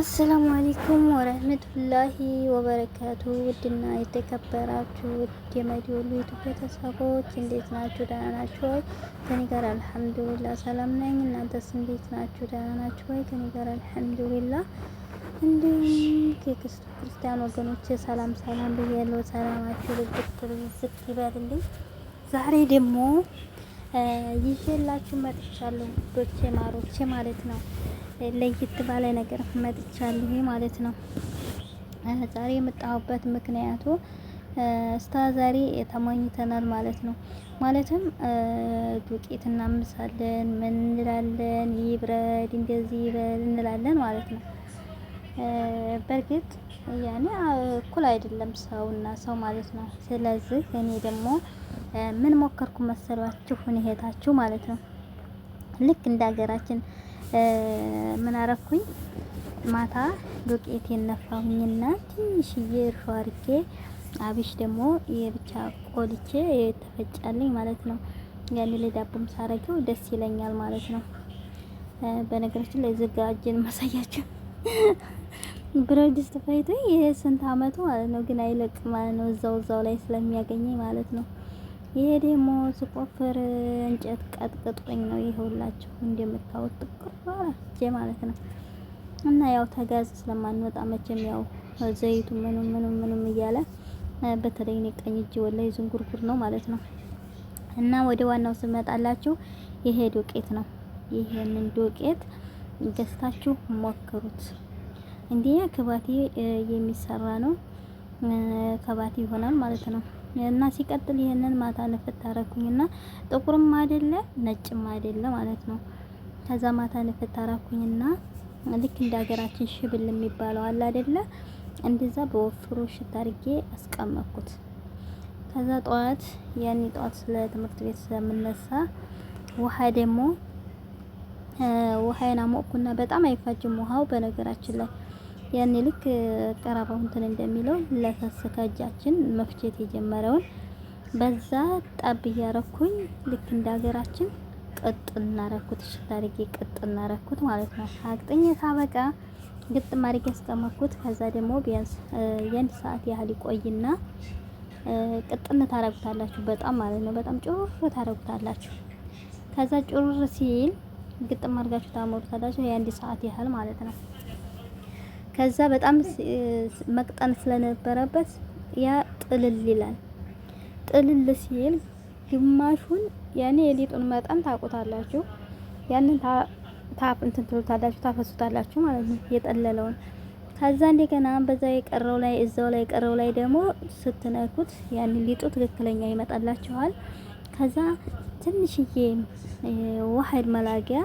አሰላሙ አለይኩም ወረህመቱላሂ ወበረካቱ። ውድና የተከበራችሁ ውድ የመዲወሉ ኢትዮጵያ ተሳቦች እንዴት ናችሁ? ደህና ናችሁ ወይ? ከኔ ጋር አልሐምዱሊላ ሰላም ነኝ። እናንተስ እንዴት ናችሁ? ደህና ናችሁ ወይ? ከኔ ጋር አልሐምዱሊላ። እንዲሁም የክርስቲያን ወገኖች ሰላም ሰላም ብያለሁ። ሰላማችሁ ልብት ይበልልኝ። ዛሬ ደግሞ ይዤላችሁ መጥቻለሁ ውዶቼ ማሮቼ ማለት ነው ለየት ባለ ነገር መጥቻለሁ ማለት ነው። ዛሬ የመጣሁበት ምክንያቱ እስታ ዛሬ ተማኝተናል ማለት ነው። ማለትም ዱቄት እናምሳለን፣ ምን እንላለን፣ ይብረድ እንደዚህ ይበል እንላለን ማለት ነው። በእርግጥ ያኔ እኩል አይደለም ሰውና ሰው ማለት ነው። ስለዚህ እኔ ደግሞ ምን ሞከርኩ መሰሏችሁ ሁኔታችሁ ማለት ነው ልክ እንደ ሀገራችን ምን አረኩኝ ማታ ዱቄት የነፋሁኝና ትንሽዬ እርሾ አርጌ አብሽ ደግሞ የብቻ ቆልቼ የተፈጫልኝ ማለት ነው። ያን ለዳቦም ሳረገው ደስ ይለኛል ማለት ነው። በነገራችን ላይ ዘጋጀን ማሳያችሁ ብረት ድስት ፈይቶ ይሄ ስንት አመቱ ማለት ነው። ግን አይለቅ ማለት ነው። እዛው እዛው ላይ ስለሚያገኘኝ ማለት ነው። ይሄ ደግሞ ስቆፍር እንጨት ቀጥቅጦኝ ነው። ይኸውላችሁ እንደምታዩት ጥቁር አርጄ ማለት ነው። እና ያው ተጋዝ ስለማንወጣ መቼም ያው ዘይቱ ምኑ ምኑም ምኑም እያለ በተለይ እኔ ቀኝ ወላሂ ዝንጉርጉር ነው ማለት ነው። እና ወደ ዋናው ስመጣላችሁ ይሄ ዶቄት ነው። ይሄንን ዶቄት ገዝታችሁ ሞክሩት። እንዲያ ከባቲ የሚሰራ ነው። ከባቲ ይሆናል ማለት ነው። እና ሲቀጥል ይሄንን ማታ ንፍት አረኩኝና ጥቁርም አይደለ ነጭም አይደለ ማለት ነው። ከዛ ማታ ንፍት አረኩኝና ልክ እንደ ሀገራችን ሽብል የሚባለው አለ አይደለ እንደዛ በወፍሩ ሽት አድርጌ አስቀመጥኩት። ከዛ ጠዋት ያኔ ጠዋት ስለ ትምህርት ቤት ስለምነሳ ውሃ ደግሞ ውሃዬን አሞቅኩና በጣም አይፋጅም ውሃው በነገራችን ላይ ያኔ ልክ ቀረባው እንትን እንደሚለው ለተሰካጃችን መፍጨት የጀመረውን በዛ ጣብ እያረኩኝ ልክ እንደ ሀገራችን ቅጥ እናረኩት እሽት አድርጌ ቅጥ እናረኩት ማለት ነው። አቅጥኝ ታበቃ ግጥም አድርጌ ያስቀመኩት። ከዛ ደግሞ ቢያንስ የአንድ ሰዓት ያህል ይቆይና ቅጥን ታረጉታላችሁ በጣም ማለት ነው። በጣም ጩር ታረጉታላችሁ። ከዛ ጩር ሲል ግጥም አድርጋችሁ ታሞሩታላችሁ የአንድ ሰዓት ያህል ማለት ነው። ከዛ በጣም መቅጠን ስለነበረበት ያ ጥልል ይላል። ጥልል ሲል ግማሹን ያኔ የሊጡን መጠን ታውቁታላችሁ። ያንን ታፍ እንትን ትሉታላችሁ፣ ታፈሱታላችሁ ማለት ነው የጠለለውን። ከዛ እንደገና በዛ የቀረው ላይ እዛው ላይ የቀረው ላይ ደግሞ ስትነኩት ያን ሊጡ ትክክለኛ ይመጣላችኋል። ከዛ ትንሽዬ ዋህድ መላጊያ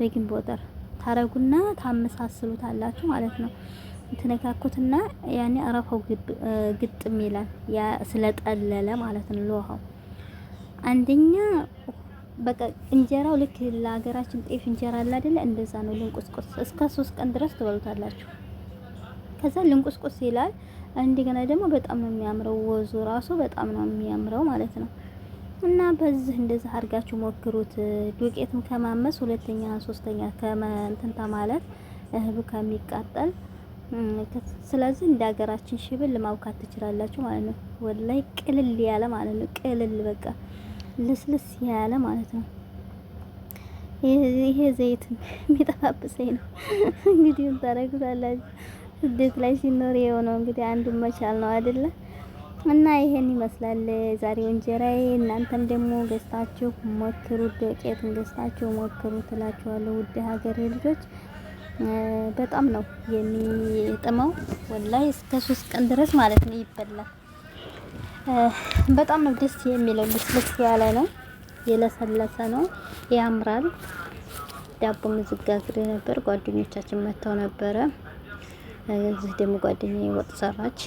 ቤኪንግ ፓውደር ታረጉና ታመሳስሉታላችሁ ማለት ነው። ትነካኩትና ያኔ አረፋው ግጥም ይላል። ያ ስለጠለለ ማለት ነው። ለውሃው አንደኛ በቃ እንጀራው ልክ ለሀገራችን ጤፍ እንጀራ አለ አይደለ? እንደዛ ነው። ልንቁስቁስ እስከ ሶስት ቀን ድረስ ትበሉታላችሁ። ከዛ ልንቁስቁስ ይላል። እንደገና ደግሞ በጣም ነው የሚያምረው። ወዙ ራሱ በጣም ነው የሚያምረው ማለት ነው። እና በዚህ እንደዚህ አድርጋችሁ ሞክሩት። ዱቄትም ከማመስ ሁለተኛ ሶስተኛ ከመንተንታ ማለት እህሉ ከሚቃጠል ስለዚህ እንደ ሀገራችን ሽብል ማውካት ትችላላችሁ ማለት ነው። ወላይ ቅልል ያለ ማለት ነው። ቅልል በቃ ልስልስ ያለ ማለት ነው። ይሄ ዘይት የሚጠፋብሰኝ ነው እንግዲህ ታረግዛላችሁ። ስደት ላይ ሲኖር የሆነው እንግዲህ አንዱ መቻል ነው አይደለም። እና ይሄን ይመስላል ዛሬው እንጀራዬ። እናንተም ደግሞ ገዝታችሁ ሞክሩት፣ ዱቄቱን ገዝታችሁ ሞክሩት እላችኋለሁ። ውድ ሀገሬ ልጆች በጣም ነው የሚጥመው፣ ወላይ እስከ ሶስት ቀን ድረስ ማለት ነው ይበላል። በጣም ነው ደስ የሚለው። ልስልስ ያለ ነው፣ የለሰለሰ ነው፣ ያምራል። ዳቦ ምዝጋግሬ ነበር፣ ጓደኞቻችን መጥተው ነበረ። እዚህ ደግሞ ጓደኛዬ ወጥ ሰራች።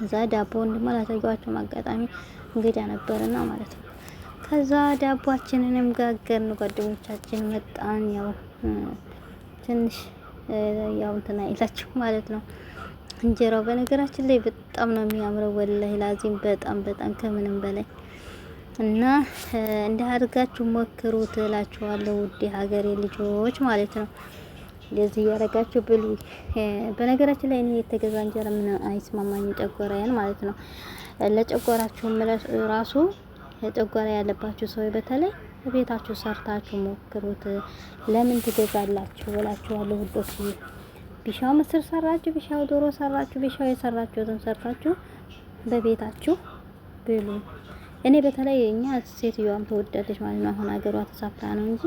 ከዛ ዳቦ ወንድማ ላሳየኋቸው አጋጣሚ እንግዳ ነበርና ማለት ነው። ከዛ ዳቦአችንንም ጋገርን፣ ጓደኞቻችን መጣን። ያው ትንሽ ያው እንትና ይላችሁ ማለት ነው። እንጀራው በነገራችን ላይ በጣም ነው የሚያምረው። ወላሂ ላዚም በጣም በጣም ከምንም በላይ እና እንደ አድርጋችሁ ሞክሩት እላችኋለሁ ውዴ ሀገሬ ልጆች ማለት ነው። እንደዚህ እያደረጋችሁ ብሉ። በነገራችን ላይ እኔ የተገዛ እንጀራ ምን አይስማማኝ ጨጓራዬን ማለት ነው። ለጨጓራችሁም ራሱ ጨጓራ ያለባችሁ ሰው በተለይ ቤታችሁ ሰርታችሁ ሞክሩት። ለምን ትገዛላችሁ እላችኋለሁ ውዶች። ቢሻው ምስር ሰራችሁ፣ ቢሻው ዶሮ ሰራችሁ፣ ቢሻው የሰራችሁትን ሰርታችሁ በቤታችሁ ብሉ። እኔ በተለይ እኛ ሴትዮዋም ተወዳለች ማለት ነው። አሁን ሀገሯ ተሳፍታ ነው እንጂ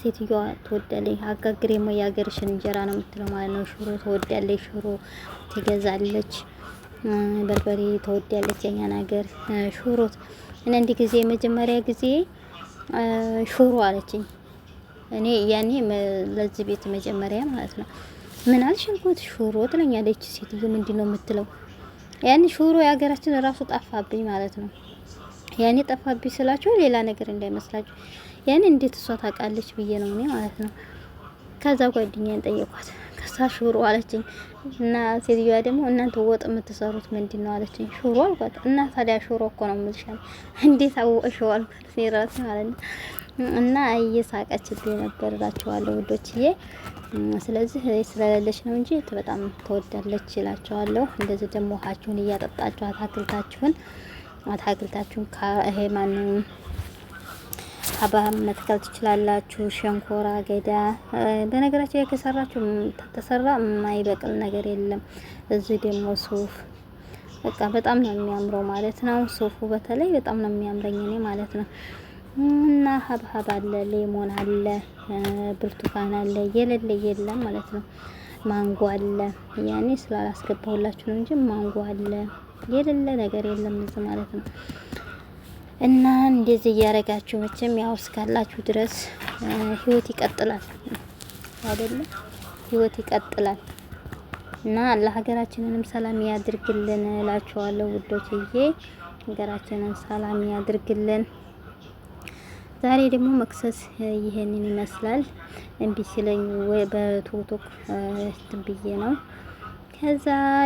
ሴትዮዋ ትወዳለች። አጋግሬ ደግሞ የሀገርሽን እንጀራ ነው የምትለው ማለት ነው። ሽሮ ትወዳለች፣ ሽሮ ትገዛለች። በርበሬ ትወዳለች፣ የኛ ነገር ሽሮ። እኔ አንድ ጊዜ መጀመሪያ ጊዜ ሽሮ አለችኝ። እኔ ያኔ ለዚህ ቤት መጀመሪያ ማለት ነው። ምን አልሽ አልኩት። ሽሮ ትለኛለች ሴትዮ። ምንድን ነው የምትለው? ያኔ ሽሮ የሀገራችን ራሱ ጠፋብኝ ማለት ነው። ያኔ ጠፋብኝ ስላችሁ ሌላ ነገር እንዳይመስላችሁ ያን እንዴት እሷ ታውቃለች ብዬ ነው እኔ ማለት ነው። ከዛ ጓደኛዬን ጠየኳት። ከዛ ሹሩ አለችኝ እና ሴትዮዋ ደግሞ እናንተ ወጥ የምትሰሩት ምንድን ነው አለችኝ። ሹሩ አልኳት እና ታዲያ ሹሮ እኮ ነው የምልሻል። እንዴት አወቅሽው አልኳት እኔ እራሴ ማለት ነው። እና እየሳቀችልኝ ነበር እላቸዋለሁ ውዶችዬ። ስለዚህ ስለሌለች ነው እንጂ በጣም ትወዳለች ይላቸዋለሁ። እንደዚህ ደግሞ ውሃችሁን እያጠጣችሁ አታክልታችሁን አታክልታችሁን ይሄ ማን ሀብሀብ መትከል ትችላላችሁ። ሸንኮራ አገዳ፣ በነገራችን ላይ ከሰራችሁ ተሰራ የማይበቅል ነገር የለም። እዚህ ደግሞ ሱፍ በቃ በጣም ነው የሚያምረው ማለት ነው። ሱፉ በተለይ በጣም ነው የሚያምረኝ እኔ ማለት ነው። እና ሀብሀብ አለ፣ ሌሞን አለ፣ ብርቱካን አለ፣ የሌለ የለም ማለት ነው። ማንጎ አለ። ያኔ ስላላስገባሁላችሁ ነው እንጂ ማንጎ አለ። የሌለ ነገር የለም እዚህ ማለት ነው። እና እንደዚህ እያደረጋችሁ መቼም ያው እስካላችሁ ድረስ ህይወት ይቀጥላል አይደለ? ህይወት ይቀጥላል። እና ለሀገራችንንም ሰላም ያድርግልን እላችኋለሁ ውዶችዬ፣ ሀገራችንን ሰላም ያድርግልን። ዛሬ ደግሞ መክሰስ ይሄንን ይመስላል። እምቢ ሲለኝ በቶቶክ ትብዬ ነው ከዛ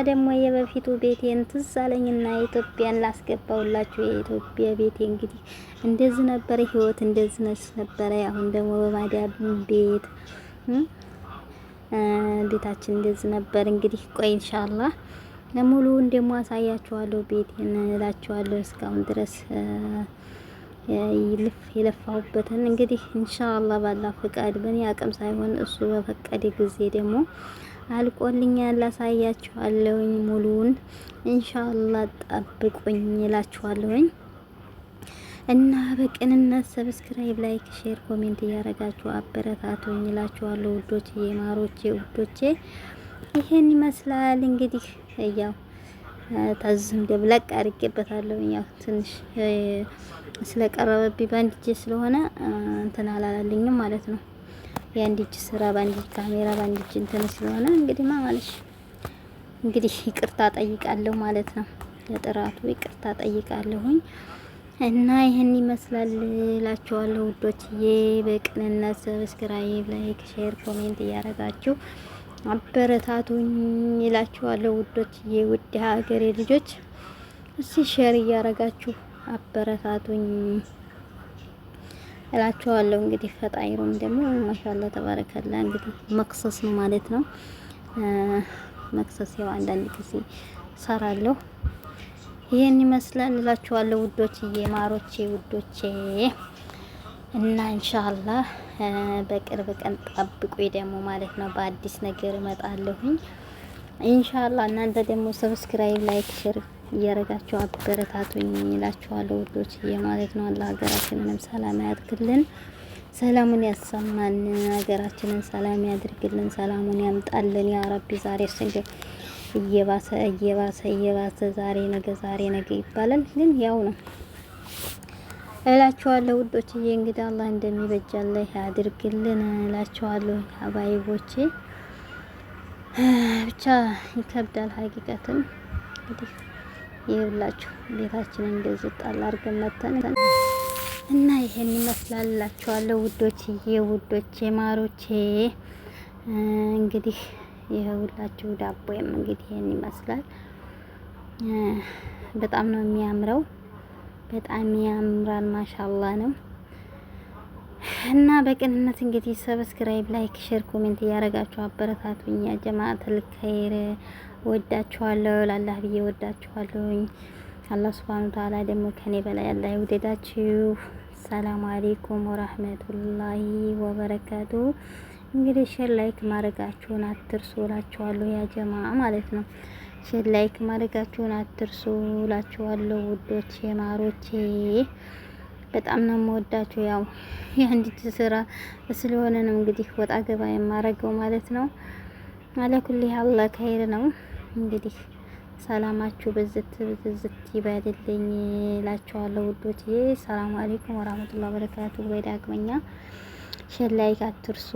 ደግሞ የበፊቱ ቤቴን ትዝ አለኝና ኢትዮጵያን ላስገባውላችሁ። የኢትዮጵያ ቤቴ እንግዲህ እንደዚህ ነበረ፣ ህይወት እንደዚህ ነች ነበረ። አሁን ደግሞ በማዳብ ቤት ቤታችን እንደዚህ ነበር። እንግዲህ ቆይ ኢንሻአላህ ለሙሉ ደግሞ አሳያችኋለሁ፣ ቤቴን እላችኋለሁ። እስካሁን ድረስ የለፋሁበትን እንግዲህ ኢንሻአላህ ባላ ፍቃድ በእኔ አቅም ሳይሆን እሱ በፈቀደ ጊዜ ደግሞ አልቆልኛል። አሳያችኋለሁኝ ሙሉውን ኢንሻአላህ ጠብቁኝ እላችኋለሁኝ። እና በቅንነት ሰብስክራይብ፣ ላይክ፣ ሼር፣ ኮሜንት እያረጋችሁ አበረታቱኝ እላችኋለሁ። ውዶቼ፣ የማሮቼ ውዶቼ ይሄን ይመስላል እንግዲህ ያው ታዝም ደብለቅ አድርጌበታለሁ። ያው ትንሽ ስለቀረበብኝ በአንድ ስለሆነ እንትን አላላለኝም ማለት ነው። የአንድ ስራ ባንዲጅ ካሜራ ባንዲጅ እጅ እንትን ስለሆነ እንግዲህ ማ ማለሽ እንግዲህ ይቅርታ ጠይቃለሁ ማለት ነው። ለጥራቱ ይቅርታ ጠይቃለሁኝ እና ይህን ይመስላል እላችኋለሁ ውዶችዬ። በቅንነት ሰብስክራይብ፣ ላይክ፣ ሼር፣ ኮሜንት እያረጋችሁ አበረታቱኝ ይላችኋለሁ። ውዶች የውድ ሀገሬ ልጆች እስቲ ሼር እያረጋችሁ አበረታቱኝ እላችኋለሁ። እንግዲህ ፈጣይሩም ደግሞ ማሻላ ተባረከላ እንግዲህ መክሰስ ነው ማለት ነው። መክሰስ ያው አንዳንድ ጊዜ ሰራለሁ። ይሄን ይመስላል እላችኋለሁ ውዶች፣ የማሮቼ ውዶቼ እና ኢንሻአላህ በቅርብ ቀን ጠብቁ ደግሞ ማለት ነው። በአዲስ ነገር እመጣለሁኝ ኢንሻአላህ። እናንተ ደግሞ ሰብስክራይብ፣ ላይክ፣ ሼር እያረጋችሁ አበረታቱኝ እላችኋለሁ ውዶች ማለት ነው። አላህ ሀገራችንንም ሰላም ያድርግልን፣ ሰላሙን ያሰማን፣ ሀገራችንን ሰላም ያድርግልን፣ ሰላሙን ያምጣልን ያ ረቢ። ዛሬ ስንዴ እየባሰ እየባሰ እየባሰ ዛሬ ነገ ዛሬ ነገ ይባላል፣ ግን ያው ነው እላችኋለሁ ውዶችዬ። እንግዲህ አላህ እንደሚበጃለ አድርግልን እላችኋለሁ። አባይቦቼ ብቻ ይከብዳል። ሀቂቀትም እንግዲህ ይኸውላችሁ ቤታችንን እንደዚህ ጣል አድርገን መተን እና ይሄን ይመስላል እላችኋለሁ ውዶችዬ፣ ውዶቼ፣ ማሮቼ እንግዲህ ይኸውላችሁ ዳቦዬም እንግዲህ ይሄን ይመስላል። በጣም ነው የሚያምረው። በጣም ያምራል። ማሻላ ነው እና በቅንነት እንግዲህ ሰብስክራይብ፣ ላይክ፣ ሼር፣ ኮሜንት እያደረጋችሁ አበረታቱኝ። ያ ጀማዓተል ኸይር ወዳችኋለሁ። ለአላህ ብዬ ወዳችኋለሁኝ። አላህ ሱብሃነሁ ወተዓላ ደግሞ ከኔ በላይ አላህ ይውደዳችሁ። ሰላም አለይኩም ወራህመቱላሂ ወበረካቱ። እንግዲህ ሼር ላይክ ማድረጋችሁን አትርሱ እላችኋለሁ ያ ጀማዓ ማለት ነው። ሼር ላይክ ማድረጋችሁን አትርሱ እላችኋለሁ ውዶቼ ማሮቼ። በጣም ነው የምወዳችሁ። ያው የአንዲት ስራ ስለሆነ ነው እንግዲህ ወጣ ገባ የማረገው ማለት ነው። አለኩል አላህ ከይር ነው እንግዲህ ሰላማችሁ በዝት ብዝት ይበልልኝ እላችኋለሁ ውዶቼ። ሰላም አለይኩም ወራህመቱላሂ ወበረካቱ። በዳግመኛ ሼር ላይክ አትርሱ።